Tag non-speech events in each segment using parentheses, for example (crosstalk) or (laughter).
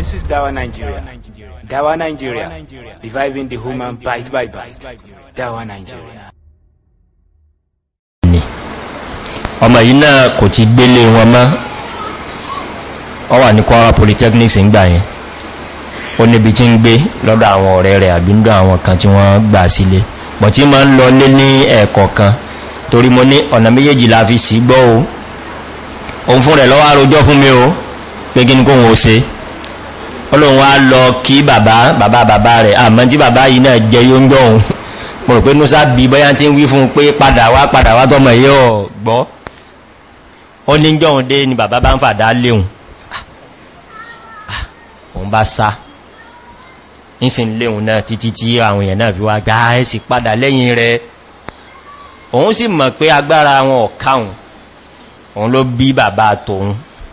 This is Dawa Nigeria. Dawa Nigeria. Reviving the human bite by bite. Dawa Nigeria. ọmọ yìí náà kò ti gbélé wọn mọ́ ọ wà ní Kwara Polytechnics ń gbà yẹn ó níbi tí ń gbé lọ́dọ̀ àwọn ọ̀rẹ́ rẹ̀ àbí àwọn kan tí wọ́n gbà sílé bọ̀ tí máa ń lọ lé ní ẹ̀kọ̀ kan torí mo ní ọ̀nà méjèèjì la fi sí gbọ́ o òun fún rẹ̀ lọ́wọ́ àròjọ́ fún mi o pé kí ni kóhun ó ṣe ọlọ́run wá lọ kí bàbá bàbá bàbá rẹ̀ àmọ́ tí bàbá yìí náà jẹ yóò ń gbọ́ òun mo rò pé núsà bí bọ́yá tí ń wí fún pé padà wá padà wá tọ́mọ̀ yẹ́ gbọ́ ó ní jọ òun dé ni bàbá bá ń fàdá léhun òun bá sá nísìn léhun náà títí tí àwọn èèyàn náà fi wá gá ẹ́sì padà lẹ́yìn rẹ̀ òun sì mọ̀ pé agbára àwọn ọ̀káhùn òun ló bí bàbá tòun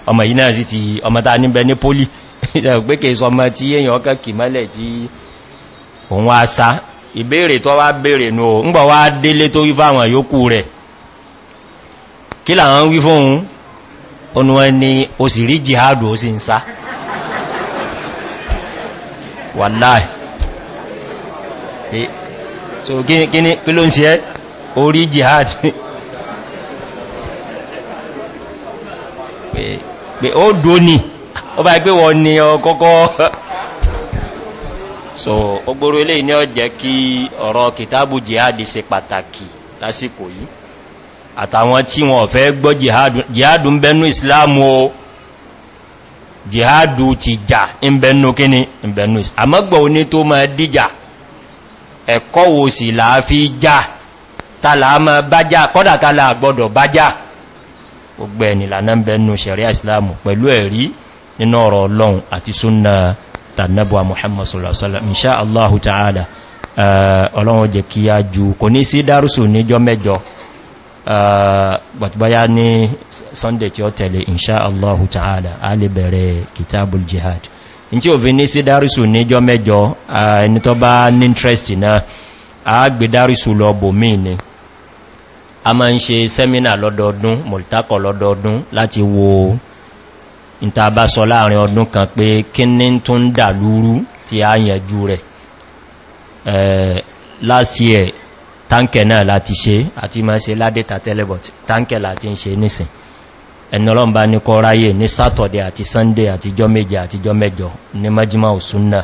ọmọ yìí náà sì ti ọmọ ta níbẹ̀ ní pólì ìdàgbé (laughs) sọ ọmọ tí èyàn ọkà kì mẹ́lẹ̀ tí òun wá sá ìbéèrè tó wá béèrè nù ó ń gbọ́ wá délé tó wí àwọn yókù rẹ̀ kí làwọn wí fóhun ọnù ẹni o sì rí jihadu ó sì ń sá wàláì so kíni (laughs) ó bá pé wọ́n ni ọkọ́kọ́ so ogboro ilé ní ọjẹ́ kí ọ̀rọ̀ kìtàbù jihadi se pàtàkì lásìkò yìí àtàwọn tí wọ́n fẹ́ gbọ́ jihadu ń bẹnu islamu o jihadu ti jà ń bẹnu kíni ń bẹnu islamu àmọ́gbọ̀ oní tó máa díjà ẹ̀kọ́ wo sì láàfí jà tààlà máa bájá kọ́dà tààlà gbọ́dọ̀ bájá gbogbo ẹ̀nìlànà ń bẹnu sẹ̀rí islamu pẹ̀lú ẹ̀rí nínú ọ̀rọ̀ ọlọ́run àti súnnà tàbí muhammad sallallahu alaihi ta'ala eh, ọlọ́run jẹ kí a jù kò ní sí eh, sunday tí ó tẹ̀lé ta'ala a lè kitabul jihad in tí òfin ní sí dárùsù níjọ mẹ́jọ eh, ẹni tó bá ní interest náà a gbé dárùsù lọ bò míì ni a máa ń ṣe sẹ́mínà lọ́dọọdún mọ̀lítákọ̀ lọ́dọọdún láti wo ìta bá sọ láàrin ọdún kan pé kíní tó ń dà lúrú tí a yẹjú rẹ̀ eh, last year tánkẹ̀ náà láti ṣe àti máa ṣe ládẹ́ta tẹ́lẹ̀bọ̀t tánkẹ̀ láti ṣe nìsìn ẹnìyàn ní kọ ráyè ní saturday àti sunday àti jọ méje àti jọ mẹ́jọ ní majima òsúnnà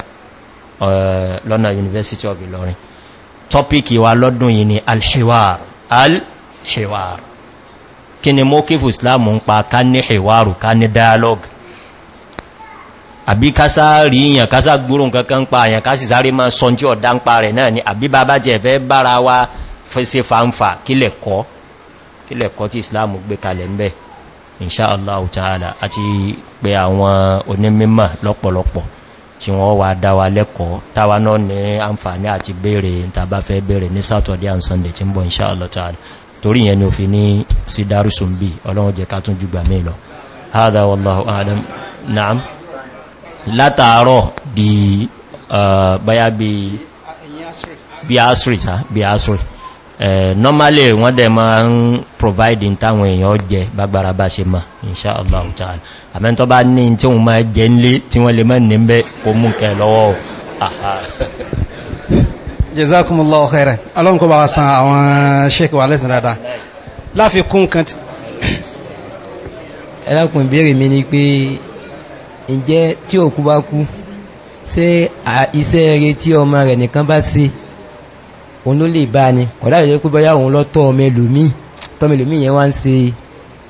eh, university of ilorin tọ́píkì wa lọ́dún yìí ni alhiwar kí ni mọ́kífù islam ń pa ká ní ìwárù ká ní dialogue àbí kásá rí ìyàn kásá gbúrùn kankan pa àyàn kásì sáré máa sọ tí ọ̀dá ń pa rẹ̀ náà ni àbí bàbá jẹ́ fẹ́ bára wa fẹ́sẹ̀ fanfà kílẹ̀ kọ́ kílẹ̀ kọ́ tí islam gbé kalẹ̀ ń bẹ̀ inṣáàláwò tààlà àti pé àwọn onímímọ̀ lọ́pọ̀lọpọ̀ tí wọ́n wà dáwà lẹ́kọ̀ọ́ táwa náà ní àǹfààní àti béèrè tàbá fẹ́ béèrè torí yẹn ni òfin ní sí dárùsùn bí ọlọ́run jẹ ká tún jùgbà mí lọ hádá wallahu adam na'am látàárọ̀ bí báyá bí asiri sá bí asiri normally wọ́n dẹ̀ ma ń provide in táwọn èèyàn jẹ bágbára bá ṣe ma insha Allah ta'ala àmẹ́ntọ́ bá ní tí wọ́n ma jẹ nílé tí wọ́n lè mọ́ ní mẹ́ kó mú kẹ lọ́wọ́ jazakumullahu khairan ọlọ́run kó bá wa san àwọn sheik wa lẹ́sìn dáadáa láfikún kan tí. ẹlẹ́kùn ìbéèrè mi ni pé ǹjẹ́ tí òkú bá kú ṣé iṣẹ́ eré tí ọmọ rẹ̀ nìkan bá ṣe òun ló lè bá ni kódà lè jẹ́ pé òun lọ tọ́ ọmọ ẹlòmíì tọ́mọ ẹlòmíì yẹn wá ń ṣe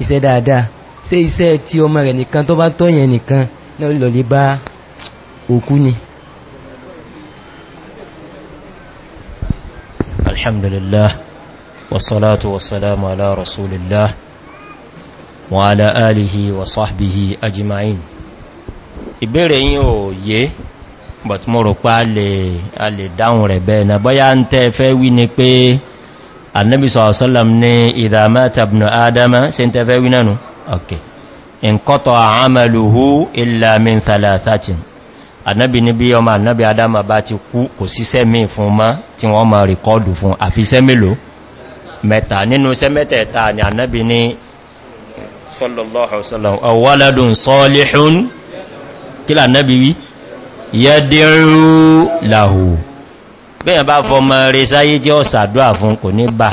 iṣẹ́ dáadáa ṣé iṣẹ́ tí ọmọ rẹ̀ nìkan tó bá tọ́ yẹn nìkan náà lọ lè bá òkú ni. الحمد لله والصلاة والسلام على رسول الله وعلى آله وصحبه أجمعين ìbéèrè yìí ò but mo rò pé a lè dáhùn rẹ̀ bẹ́ẹ̀ na bọ́yá ń tẹ́ fẹ́ ni pé annabi sọ̀rọ̀sọ́lọ̀m ní ìdàmá tàbínú adama ṣe ń tẹ́ fẹ́ wí nánú ok in kọ́tọ̀ àmàlùhú ìlàmín 30 ànábì ní bí ọmọ ànábì adama bá ti kú kò síṣẹ́ míì fún mọ́ tí wọ́n ma rìkọ́ọ̀dù fún àfiṣẹ́ mélòó mẹ́ta nínú iṣẹ́ mẹ́tẹ̀ẹ̀ta ni ànábì ní ọwọ́lẹ́dùn sọ́ọ́lẹ́hún kí lànábì wí yẹ́dẹ̀rú làhù bẹ́yàn bá fọmọ rẹ̀ sáyé jẹ́ ọ̀sàdúà fún kò ní bà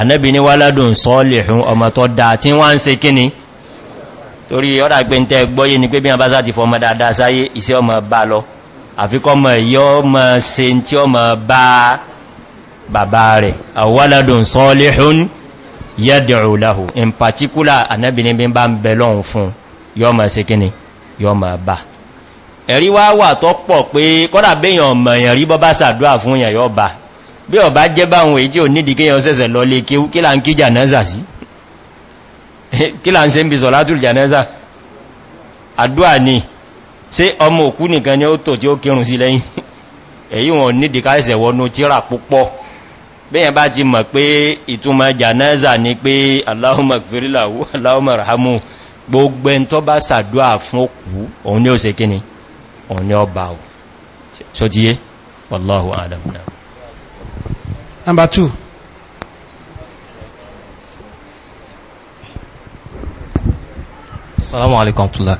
ànábì ní wálẹ́dùn sọ́ọ́lẹ́hún ọmọ tó dáa tí wọ́n ń se kíni torí ọ́dà pé ń tẹ́ gbọ́yé ni pé bí abáza ti fọmọ dáadáa sáyé iṣẹ́ ọmọ bá lọ àfikọ́mọ̀ yọ́ mọ̀ se tí ọmọ bá bàbá rẹ̀ àwọ́lẹ́dùn sọ́ọ́lẹ́hún yẹ́dẹ̀rù láhù in particular anábìnibí bá ń bẹ lọ́hun fún yọ́mọ̀ sí kíni yọ́mọ̀ bá ẹ̀rí wá wà tó pọ̀ pé kọ́dà béèyàn ọmọ èèyàn rí bọ́bá sàdúrà fún èèyàn yọ́ bá bí ọba jẹ́ báwọn èyí tí ò nídìí kéèyàn sẹ́sẹ̀ lọ lé kí là ń kíjà náà Eh, kí là ń ṣe ń bí sọ̀látùl jánásà àdúà ni ṣé ọmọ òkú nìkan ni ó tò tí ó kírun sí lẹ́yìn (laughs) èyí wọn nídi káẹsẹ̀ wọnú tíra púpọ̀ bẹ́yẹn bá ti mọ̀ pé ìtumọ̀ jánásà ni pé Allahumma ighfir lahu (laughs) Allahumma irhamhu gbogbo ẹn tó bá sàdúà fún òkú òun ni number two Assalamu alaikum tula.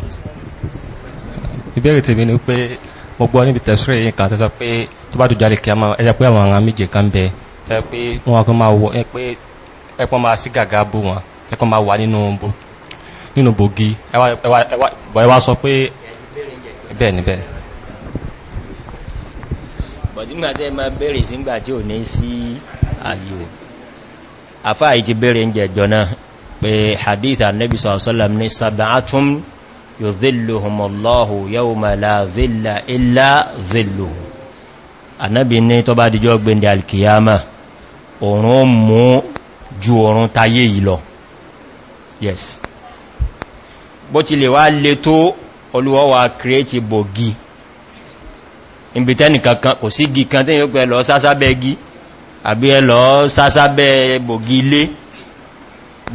Ìbéèrè tèmi ni pé mo gbọ́ níbi tẹ̀sírì yìí kan tẹ́sọ pé tó bá dùjálè kí ẹjẹ́ pé àwọn méje kan bẹ tẹ́ pé wọ́n kọ́ máa wọ pé ẹpọ́n máa sí gàgà bò wọn ẹpọ́n máa wà nínú bògì ẹwà sọ pé bẹ́ẹ̀ ni bẹ́ẹ̀ bọ̀dígbàtẹ́ ma bèèrè sígbà tí ò ní sí àyíwò àfáà ìti bèèrè ń jẹjọ náà pé hadith annabi sallam ní sab'atun yudhilluhumullahu yawma la dhilla illa dhilluhu annabi ní tó bá dijọ́ gbẹ̀ndẹ̀ alkiyama òrùn mú ju òrùn tayé yìí lọ yes bó ti lè wá lè tó olúwọ́ wa kírẹ́tì bògì ìbìtẹ́nì kankan kò sí gì kan tí yóò sásábẹ́ gí àbí ẹ sásábẹ́ bògì ilé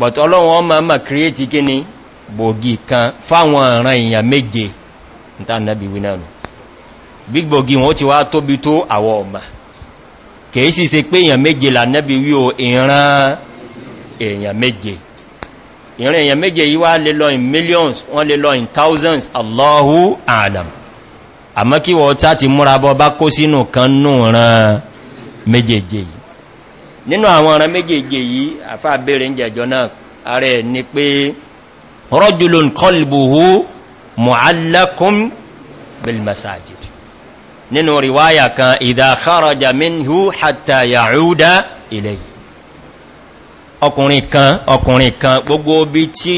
but ọlọ́run ọmọ ma kìrìyètì kí ni kan fáwọn ọ̀ràn èèyàn méje níta nàbí wí náà bí wọn ti wá tóbi tó àwọ ọ̀mà se pé èèyàn méje o ìran èèyàn méje ìran èèyàn méje yí wá in millions wọ́n lè lọ in thousands allahu adam àmọ́ kí wọ́n tá ti múra bọ́ bá kó sínú kan ran méjèèjì nínú àwọn ọ̀ràn méjèèjì yìí àfá béèrè ń jẹjọ náà ààrẹ ni pé rọ́jùlùn kọlùbùhù mọ̀álẹ́kùn bilmasajid nínú riwaya kan ìdákàrọjà minhu hatta yahuda ilẹ̀ ọkùnrin kan ọkùnrin kan gbogbo bí tí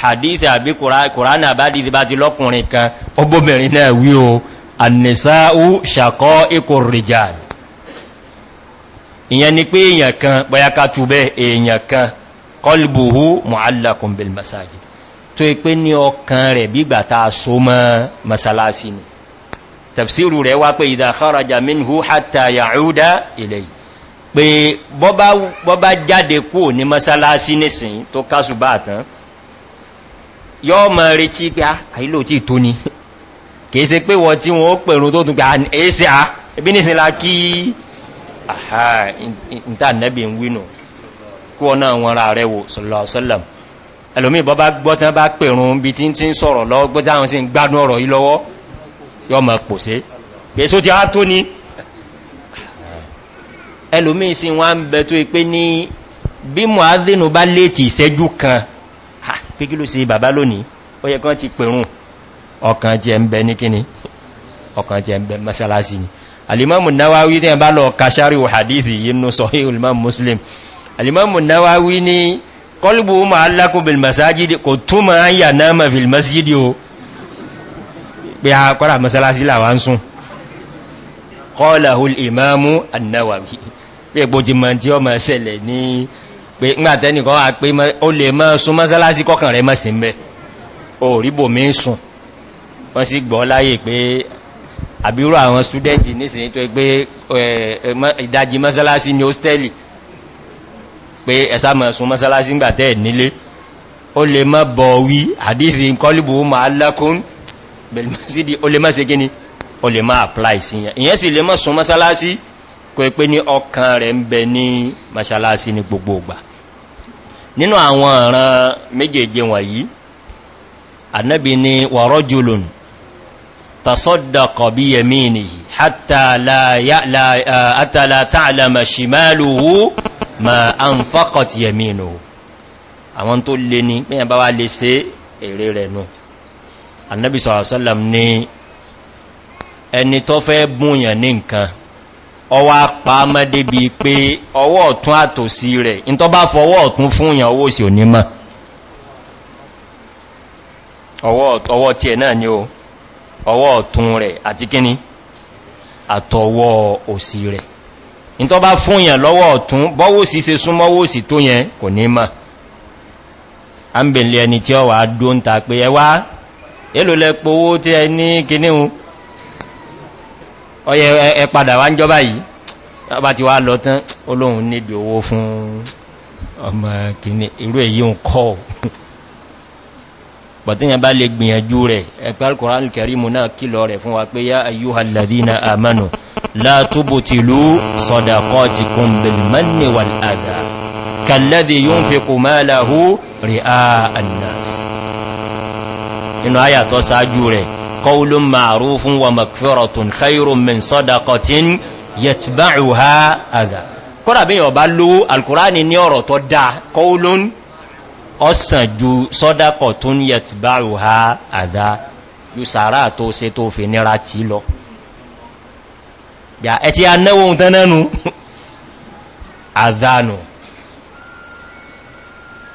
hadith àbí kùránà bá dìdí bá ti lọ́kùnrin kan ọgbọ́mìnrin náà wí o annisa'u shaqa'iqur rijal ìyẹn ni pé èyàn kan bayaka túbẹ̀ èyàn kan kọlùbùhú mọ̀álàkùn bil masajid tó yí pé ní ọkàn rẹ̀ bígbà ta so mọ́ masalasi ni tafsiru rẹ̀ wá pé ìdáhárajà minhu hatta ya'uda ilẹ̀ pé bọ́bá jáde kú ní masalasi nìsìn tó kásù bá tán yọ́ mọ̀ retí pé ah, àìlò tí tó ni kìí se pé wọ́n tí wọ́n pẹ̀rún tó tún pé àìsẹ́ à nìsìn la kí àhá ìta nẹ́bí ń wínú kú ọ̀nà wọn ra rẹ̀ wò sọ̀lọ̀sọ́lọ̀m ẹlòmí bọ́ bá gbọ́tán bá pèrún bí tí tí ń sọ̀rọ̀ lọ gbọ́tán sí ń gbádùn ọ̀rọ̀ yìí lọ́wọ́ yọ mọ̀ pò sí pèsò tí a tó ní ẹlòmí sí wọ́n ń bẹ tó pé ní bí mọ̀ádínú bá léètì ìṣẹ́jú kan pé sí bàbá lónìí ó yẹ kán ti pèrún ọkàn jẹ ń bẹ ní kíni ọkàn jẹ ń bẹ mọ́sálásí ni alimamu nawawi tí a bá lọ kashari wa hadithi yínú sọ̀hí ulimamu muslim alimamu nawawi ni kọlùbù ma alákùn bil masajidi kò túnmà ń yà náà ma fil masjidi o pé a kọ́ra masalasi láwá ń sún kọ́lahul imamu annawawi pé gbójí ma tí ọ ma ṣẹlẹ̀ ní pé ngbàtẹ́nìkan a pé o lè ma sún masalasi kọkàn rẹ ma sí mẹ́ o ríbò mi sùn wọ́n sì gbọ́ láyé pé àbírò àwọn stúdẹ́ntì nísìnyí tó pé ìdájí mọ́sálásí ni hóstẹ́lì pé ẹ̀sá mọ̀sún mọ́sálásí ń gbàtẹ́ nílé ó lè mọ́ bọ̀ wí àdífì kọlùbù ma lákún bẹ̀lẹ̀mọ́sídí ó lè mọ́ se gíní ó lè mọ́ apply sí ìyẹn sì lè mọ́ sún mọ́sálásí kò pé ní ọkàn rẹ̀ ń bẹ ní mọ́sálásí ní gbogbo تصدق بيمينه حتى لا la ya la hatta la ta'lama shimaluhu ma anfaqat yaminuhu àwọn tó lè ní pé bá wá lè ṣe èrè rẹ̀ nù annabi sallallahu alaihi wasallam ní ẹni tó fẹ́ búyàn ní nǹkan ọwọ́ apá mọ́dé bí pé ọwọ́ ọ̀tún àtòsí rẹ̀ in tó bá fọwọ́ ọ̀tún fún yàn owó sí onímọ̀ ọwọ́ tí ẹ̀ náà ni o ọwọ́ ọ̀tún rẹ̀ àti kíní àtọwọ́ òsì rẹ̀ ní tó bá fún yẹn lọ́wọ́ ọ̀tún bọ́wọ́ sí se súnmọ́wọ́ sí tó yẹn kò ní mà á ń bèèlè ẹni tí ọ wà dó ń ta pé ẹwà èlò tí ẹ ní kíníhun ọyẹ ẹ padà wá ń jọba yìí ọba ti wá lọ pàtíyàn bá lè gbìyànjú rẹ̀ ẹgbẹ́ alkùnrán alkarimu náà kílọ rẹ̀ fún wa pé yá ayyúhal ladina amanu látúbù tìlú sadaqatikum bilmanni wal adha kalladhi yunfiqu malahu ri'a an-nas inú aya tó ṣáájú rẹ̀ qawlun ma'rufun wa lówó alkùránì ní ọ̀rọ̀ tó dáa qawlun ọ̀sàn ju sọ́dákọ̀ tó ń yẹ ti bá rò ha àdá ju sàárà tó se tó fi nira tí lọ yà ẹ̀tí anẹ́wò ohun tẹ́nẹ́nu (laughs) àdánù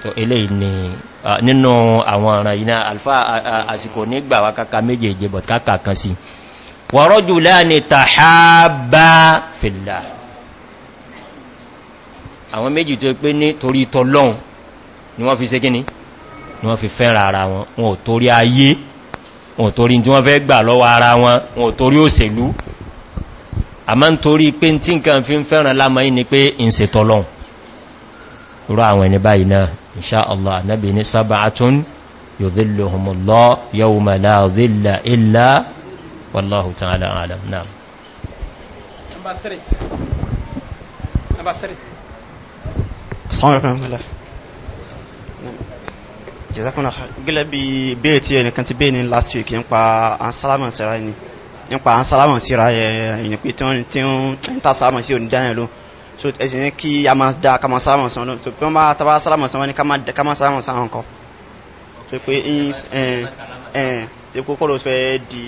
tó ilé ni nínú àwọn ọ̀ràn iná alfa àsìkò nígbà wa kaka méjèèjì bọ̀ kaka kan sí wọ̀rọ̀jù láàrin tàhábá fìlà àwọn méjì tó pé ní torí tọ́lọ́un ni wọ́n fi ṣe kíní ni wọ́n fi fẹ́ra ara wọn wọn ò torí ayé wọn ò torí tí wọ́n fẹ́ gbà lọ́wọ́ ara wọn wọn ò torí òṣèlú àmá ń torí pé tí nǹkan fi ń fẹ́ràn lámọ́ yí ni pé in se tọ́lọ́un rọ àwọn ẹni báyìí náà inṣá allah nábi ní sábàátún yóò yóò mẹ́lá zílà ilá wàláhù jẹ́sàkùnà gẹ́lẹ́ bí bẹ́ẹ̀ tí ẹnìkan last week nípa ansálámà síra ẹni nípa ansálámà síra ẹ̀yìn pé tí wọ́n ti ń ta sálámà sí òní dáhùn ló so ẹ̀sìn ní kí a máa da ká máa sálámà sàn ló so pé wọ́n bá tábà sálámà sàn wọ́n ní ká máa sálámà sàn kọ́ so pé ẹ̀yìn ẹ̀yìn ṣe kókó ló fẹ́ di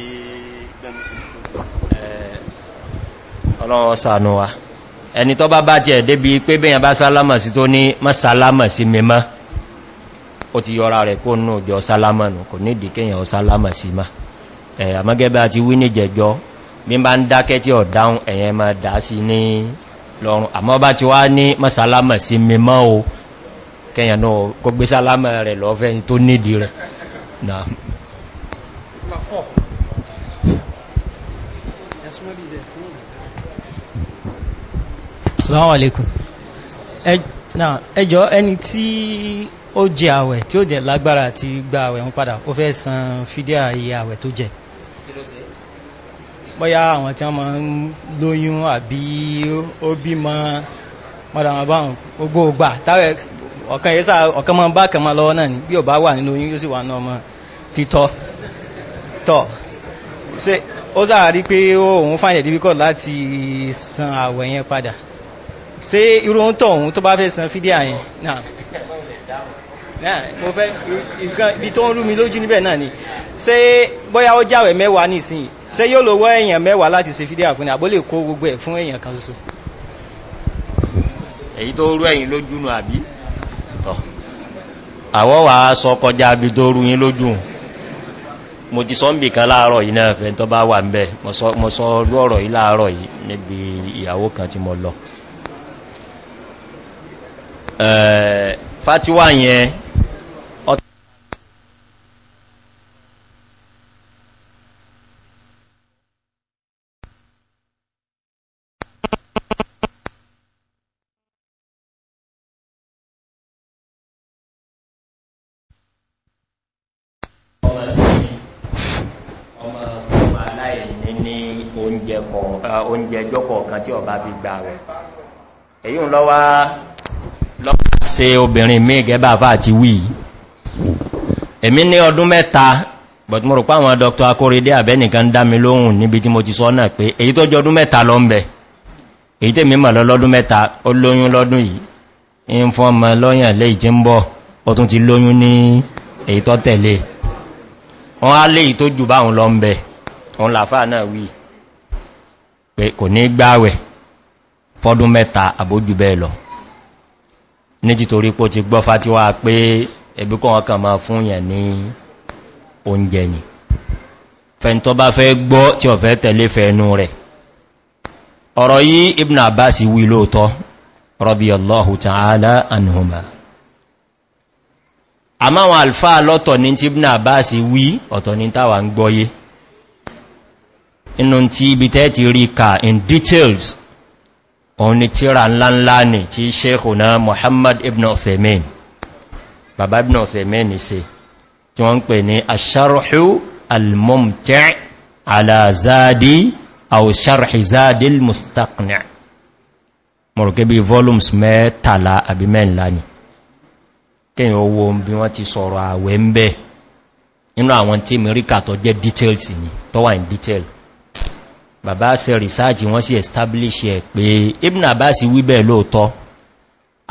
ọlọ́wọ́ sànú wa ẹni tó bá bá tiẹ̀ débi pé bẹ́yàn bá sálámà sí tó ní má sálámà sí mímọ́ ó ti yọra rẹ̀ kó nù jọ sálámà nù kò nídìí kíyàn sálámà sí ma àmọ́gẹ́bẹ́ àti wí ní jẹjọ bí bá ń dákẹ́ tí ọ̀ dáhùn ẹ̀yẹn ma dá sí ní lọ́rùn àmọ́ bá ti wá ní masálámà sí mímọ́ o Ẹjọ́ ẹni tí ó jẹ àwẹ̀ tí ó jẹ lágbára àti gba àwẹ̀ wọn padà ó fẹ́ san fídíà iye àwẹ̀ tó jẹ bóyá àwọn tí wọ́n máa ń lóyún àbí ó bímọ mọ́dàmọ́ báwọn gbogbo ògbà táwẹ̀ ọ̀kan yẹn sáà ọ̀kan máa ń bá kan máa lọ́wọ́ náà ni bí ò bá wà nínú oyún yóò sì wà náà mọ́ títọ́ tọ́ ṣe ó sáà rí pé òun fàyẹ̀ díbí kọ̀ láti san àwẹ̀ yẹn padà ṣé irú tọ̀ òun tó bá fẹ́ san fídíà yẹn náà mo fẹ́ nǹkan ibi tó ń rú mi lójú níbẹ̀ náà ni ṣé bóyá ó jáwé mẹ́wàá nísìnyí ṣé yóò lọ wọ èèyàn mẹ́wàá láti ṣe fídíà fún ni àbó lè kó gbogbo ẹ̀ fún èèyàn kan ṣoṣo. èyí tó rú ẹ̀yìn lójú nù àbí tọ̀ àwọ̀ wàá sọ kọjá ibi tó rú yín lójú mo ti sọ ń kan láàárọ̀ yìí náà fẹ́ tó bá wà ń bẹ́ mo sọ rú ọ̀rọ̀ yìí láàárọ̀ yìí níbi ìyàwó kan tí mo lọ fatiwa yẹn oúnjẹ ẹjọ́ kọ̀ọ̀kan tí ọba fi gbà rẹ̀ èyí ń lọ́wọ́ lọ́pàá se obìnrin mí gẹ́bà fà àti wí èmi ní ọdún mẹ́ta but mo rò pá àwọn dr akóredé àbẹ́nìkan dámi lóhun níbi tí mo ti sọ náà pé èyí tó jọ ọdún mẹ́ta lọ ń bẹ̀ èyí tẹ́ mímọ̀ lọ lọ́dún mẹ́ta ó lóyún lọ́dún yìí in fún ọmọ lọ́yàn léyìí tí ń bọ̀ ó tún ti lóyún ní èyí tó tẹ̀lé wọ́n á léyìí tó jù báhùn lọ ń bẹ̀ òun làfáà náà wíì pé kò ní gbáwẹ̀ fọ́dún mẹ́ta àbójú bẹ́ẹ̀ lọ ní títorí pò ti gbọ́ fátíwá pé ẹbí kọ́ máa fún yẹn ní oúnjẹ ni fẹ́ntọ́ bá fẹ́ gbọ́ tí ọ̀fẹ́ tẹ̀lé fẹ́ẹ̀nú rẹ̀ ọ̀rọ̀ yìí ibn abbas wí lóòtọ́ rọ́bíọ̀lọ́hù tààlá anhùmá àmáwọn alfáà lọ́tọ̀ ní tí ibn abbas wí ọ̀tọ̀ ní táwà ń gbọ́yé inú tí ibi tẹ́ ti rí ka in details òun ni tíra ńláńlá ni tí sheikhu na muhammad ibn othemin baba ibn othemin se tí wọ́n ń pè ní asharhu al-mumti' ala zadi au sharhi zadi al-mustaqni mọ̀rọ̀kẹ́ volumes mẹ́tàlá àbí mẹ́ńlá ni kíyàn owó bí wọ́n ti sọ̀rọ̀ àwẹ̀ ń bẹ́ inú àwọn tí mẹ́ríkà tó jẹ́ details ni tó in details bàbá ṣe rìsáàjì wọ́n sì establish ẹ̀ pé ibn abbas wíbẹ̀ lóòtọ́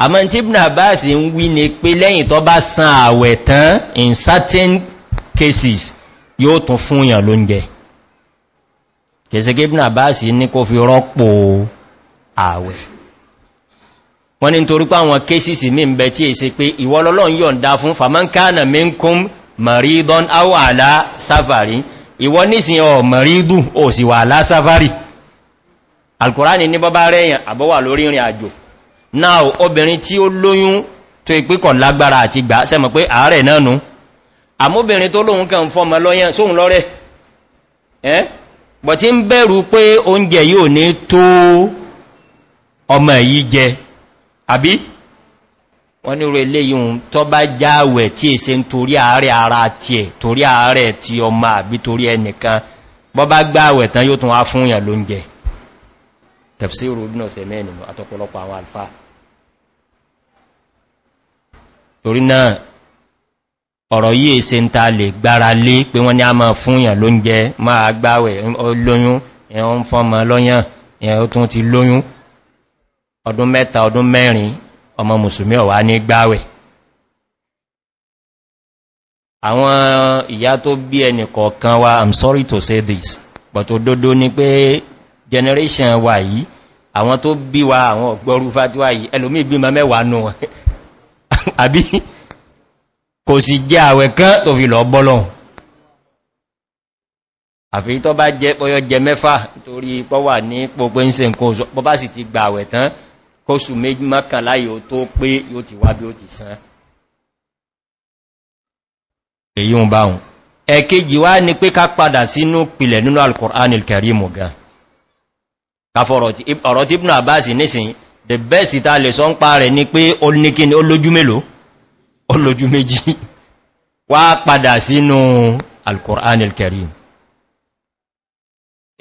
àmọ́ tí ibn abbas ń wí ni pé lẹ́yìn tó bá san àwẹ̀ tán in certain cases yóò tún fún yàn lóúnjẹ kẹsẹ̀kẹ́ ibn abbas ní kó fi rọ́pò àwẹ̀ wọ́n ni torí pé àwọn cases ní ìbẹ̀ tí èsẹ pé ìwọ́lọ́lọ́ yọ̀nda fún fàmọ́nkánà mẹ́kún maridon awala safari ìwọ nísìn ọ̀mọ̀rídù ò sì wà lásàfárì alkùránì ní bọ́bá rẹ̀yàn àbọ́wà lórí ìrìn àjò náà obìnrin tí ó lóyún tó ìpíkọ̀ lágbára àti gbà sẹ́mọ̀ pé ààrẹ náà nú àmóbìnrin tó lóhun kan fọmọ lọ́yàn sóhun lọ́rẹ̀ ẹ́ bọ̀ tí ń bẹ̀rù pé oúnjẹ yóò ní tó ọmọ yìí jẹ àbí wọ́n ní orílẹ̀ yìí tó bá jáwẹ̀ tí è se ń torí ààrẹ ara tí ẹ̀ torí ààrẹ tí ọmọ àbí torí ẹnìkan bọ́ bá gbáwẹ̀ tán yóò tún wá fún ìyàn ló ń jẹ tẹ̀fsí rubinus emeni àtọpọlọpọ àwọn alfa torí náà ọ̀rọ̀ yìí se ń ta lè gbára lé pé wọ́n ní a máa fún ìyàn ló ń jẹ máa gbáwẹ̀ lóyún ẹ̀hún fọ́mọ lọ́yàn ẹ̀hún tún ti lóyún ọdún mẹ́ta ọdún mẹ́rin ọmọ musulmi ọ̀wà ní gbáwẹ̀ àwọn ìyá tó bí ẹnì kọ̀ọ̀kan wa i'm sorry to say this but òdodo ni pé generation wa yìí àwọn tó bí wa àwọn ọ̀gbọ́rú fàtíwà yìí ẹlòmí ìgbìmọ̀ mẹ́wàá nù (laughs) àbí kò sì jẹ́ àwẹ̀ kán tó fi lọ bọ́lọ̀ àfi tó bá jẹ́ pọ́yọ́ jẹ mẹ́fà torí pọ́wà ní pọ́pẹ́ ń se nǹkan kóṣù méjì mọ́kànlá yóò tó pé yóò ti wá bí ó ti san èyí ń báhùn ẹ̀kejì wá ní pé ká padà sínú pìlẹ̀ nínú alkùnrin kẹrìmù gan ọ̀rọ̀ tí ibùn àbáṣì nísìn the best ta lè sọ ń pa rẹ̀ ni pé ó ní kí ni ó lójú mélòó ó lójú méjì wá padà sínú alkùnrin kẹrìmù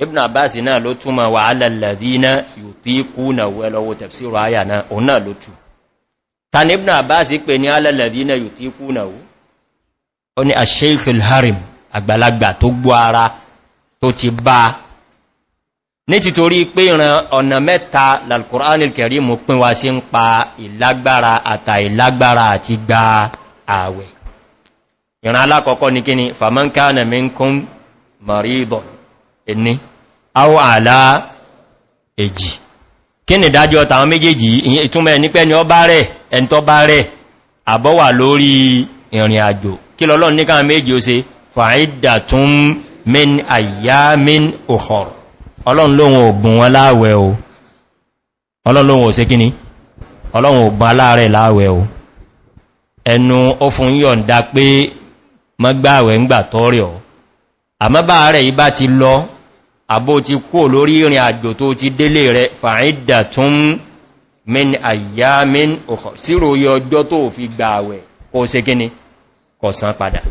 ibn abbas náà ló túnmọ̀ wà alàlàdínà yóò tí kú na wẹ́lọ́wọ́ tafsirò ayà náà òun náà ló tù ta ni ibn abbas pè ní alàlàdínà yóò tí kú na wú ó ní àṣẹ́ìkìl harim àgbàlagbà tó gbọ́ ara tó ti bá ní títorí pé ìran ọ̀nà mẹ́ta lalkùránil kẹrí mú ẹni àwọ àlá èjì kí ni dájọ́ tàwọn méjèèjì ìtúnmẹ́ ní pẹ́ ni ọ bá rẹ̀ ẹn tọ́ bá rẹ̀ àbọ́wà lórí ìrìn àjò kí lọ́lọ́n ní káwọn méjì ó se fàídà tún min àyá min òhòr ọlọ́run lóhun ògùn wọn láàwẹ̀ o ọlọ́run lóhun òsé kíní ọlọ́run ògùn àmọ́bà rẹ̀ ibá ti lọ àbó ti kú lórí ìrìn àjò tó ti délé rẹ̀ fàídà tún min àyà min ọkọ̀ sírò yí ọjọ́ tó fi gba àwẹ̀ kó se gíní kọ̀ san padà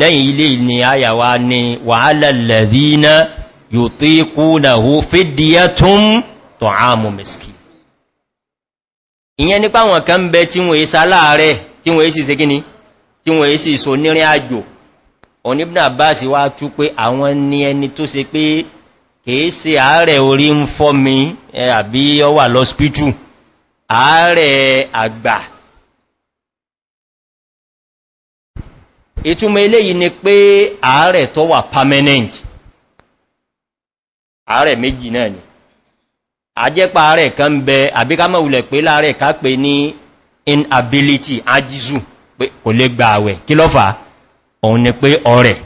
lẹ́yìn ilé ni àyàwá ni wàhálà lẹ́dínà yóò tí kú na hó fídíyà tún tọ̀ áàmù mẹ́sìkì ìyẹn nípa wọn kan bẹ tí wọ́n èé sá láàrẹ tí wọ́n èé sì se gíní tí wọ́n èé sì so nírin àjò oníbìnà àbáàsì wá tú pé àwọn ní ẹni tó se pé kìí se ààrẹ orí ń fọ́ mi àbí ọ wà lọ spítù ààrẹ àgbà ìtumọ̀ eléyìí ni pé ààrẹ tó wà permanent ààrẹ méjì náà ni àjẹ́pà ààrẹ kan bẹ àbíkámọ̀ wulẹ̀ pé láàrẹ ká pé ní inability ajizu pé kò lè gbà àwẹ̀ kí lọ́fàá òun ni pé ọ̀rẹ̀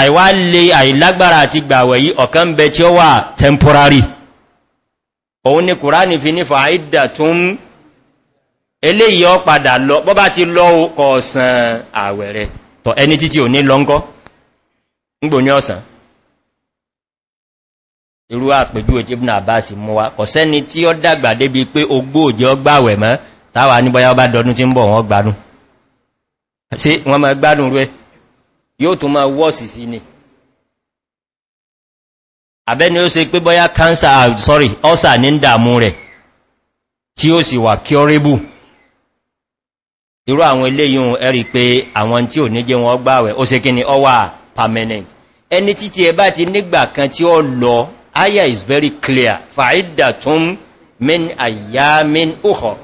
àìwá lè àìlágbára àti gbàwẹ̀ yí ọ̀kan bẹ tí ó wà temporary òun ni kùránì fi nífà àìdà tó ń eléyìí ọ padà lọ bọ́ bá ti lọ ọkọ̀ ọ̀sán rẹ̀. tọ̀ ẹni títí ò ní lọ́ngọ́ ngbò ní ọ̀sán irú àpèjú ìtìbùn àbáàsì mú wa kọ̀sẹ́ni tí ó dàgbà débi pé ogbó òjò gbàwẹ̀ mọ́ táwà níbọ̀yá ọba dọdún tí ń bọ̀ wọ́n gbanú ṣe wọ́n ma gbádùn rẹ̀ yóò tún ma wọ́sì sí ni àbẹ́ni ó se pé bọ́yá kánsà sorry ọ́sà ní dàmú rẹ̀ tí ó sì wà curable irú àwọn eléyìn ẹ̀rí pé àwọn tí ò ní jẹ́ wọn gbáwẹ̀ ó se kí ni ọ wà permanent ẹni títí ẹ bá ti nígbà kan tí ó lọ aya is very clear fa'idda tún min ayyamin uhor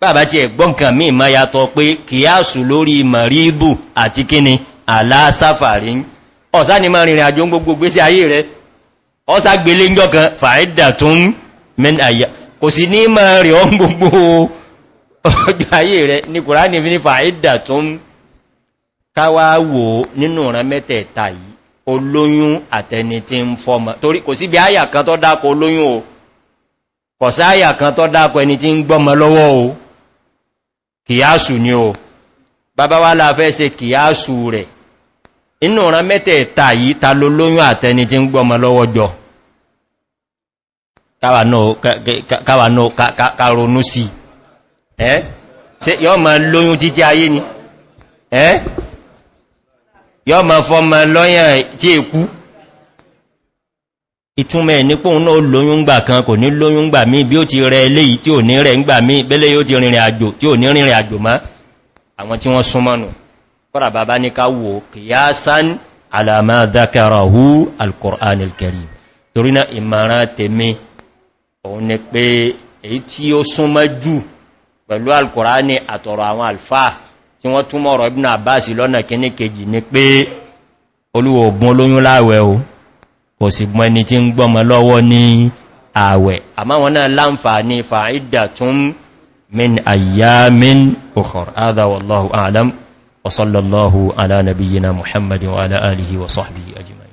bàbá tí ẹ̀gbọ́n kan mí ma yàtọ̀ pé kìíyàsù lórí maribu àti kíni aláṣàfàrí ọ̀sá ni ma rìnrìn àjò gbogbo gbésí ayé rẹ̀ ọ́sá gbélé ńjọ́ kan fàídà tó ń mẹ́n àyà kò sí ní ma rìn ọ́n gbogbo ọjọ́ ayé rẹ̀ ní kùránì fi ní fàídà tó ń káwà wò nínú ìran mẹ́tẹ̀ẹ̀ta yìí olóyún àtẹni tí ń fọ́mọ torí kò síbi kan tó dákọ̀ ẹni tí ń gbọ́mọ lọ́wọ́ o kìyásù ni o bàbá wá láàfẹ́ ṣe kìyásù rẹ̀ inú ran mẹ́tẹ̀ẹ̀ta yìí ta ló lóyún àtẹni tí ń gbọmọ lọ́wọ́ jọ káwà náà sí ẹ́ ṣe yọ́ ma lóyún títí ayé ni ẹ́ yọ́ ma fọ́ ma lọ́yàn tí ìtúnmẹ̀ nípòun náà lóyún gbà kan kò ní lóyún gbà mí bí ó ti rẹ ilé yìí tí ò ní rẹ ń gbà mí bẹ́lẹ̀ yóò ti rìnrìn àjò tí ò ní rìnrìn àjò má àwọn tí wọ́n súnmọ́nù kọ́rà bàbá ní ká wò kìyásán alamadakarahu alkur'an alkari torí náà ìmọ̀ràn tèmi òun ni pé èyí tí ó súnmọ́ jù pẹ̀lú alkur'an àtọ̀rọ̀ àwọn alfáà tí wọ́n túnmọ̀ ọ̀rọ̀ ibn abbas lọ́nà kíní kejì ni pé olúwògbọ́n kò sì mọ́ ẹni tí ń gbọ́mọ lọ́wọ́ ní ààwẹ̀ àmáwọn náà láǹfà ní fa'idà tún min ayyamin ukhur adha wallahu a'lam wa sallallahu ala nabiyyina muhammadin wa ala alihi wa sahbihi ajma'in